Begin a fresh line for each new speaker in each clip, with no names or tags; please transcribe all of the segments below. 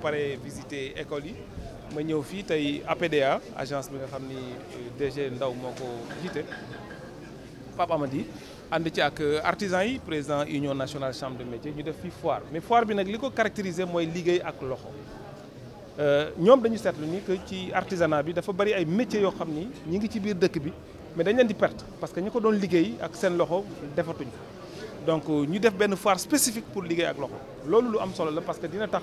paree visiter école yi ma ñëw fii tey APDA agence bi nga xamni euh, DG Ndaw moko jité Papa m'a dit, and ci ak euh, artisans yi président union nationale chambre de métier ñu def fi foire mais foire bi nak liko caractériser moy liguey ak loxo euh, ñom dañu sétlu ni que ci artisanat bi dafa bari ay métiers yo xamni ñi ngi ci biir dëkk bi mais dañ leen di perte parce que ñiko ko doon liggéey ak sen loxo defatuñ donc ñu def ben foire spécifique pour liguey ak loxo lolu lu am solo la parce que dina tax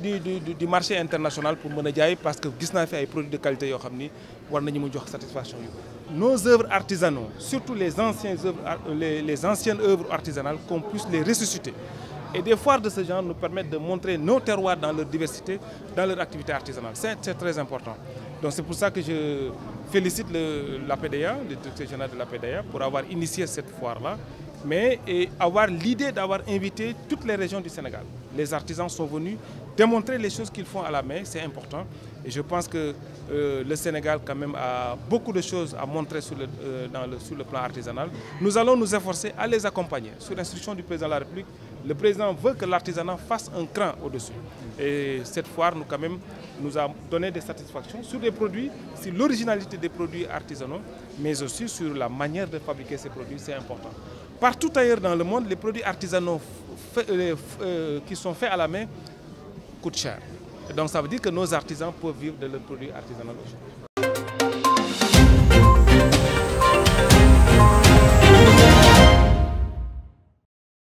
du marché international pour mener parce que gis fait fi ay produits de qualité yo xamni war satisfaction nos œuvres artisanaux surtout les anciennes œuvres euh, les anciennes œuvres artisanales qu'on puisse les ressusciter et des foires de ce genre nous permettent de montrer nos terroirs dans leur diversité dans leur activité artisanale c'est très important donc c'est pour ça que je félicite le la PDA le directeur général de la PDA pour avoir initié cette foire là mais et avoir l'idée d'avoir invité toutes les régions du Sénégal les artisans sont venus démontrer les choses qu'ils font à la main, c'est important. Et je pense que euh, le Sénégal quand même a beaucoup de choses à montrer euh, sur le, plan artisanal. Nous allons nous efforcer à les accompagner. Sur l'instruction du président de la République, le président veut que l'artisanat fasse un cran au-dessus. Et cette foire nous, quand même, nous a donné des satisfactions sur les produits, sur l'originalité des produits artisanaux, mais aussi sur la manière de fabriquer ces produits, c'est important. Partout ailleurs dans le monde, les produits artisanaux euh, euh, qui sont faits à la main coûte cher. donc ça veut dire que nos artisans peuvent vivre de leurs produits artisanaux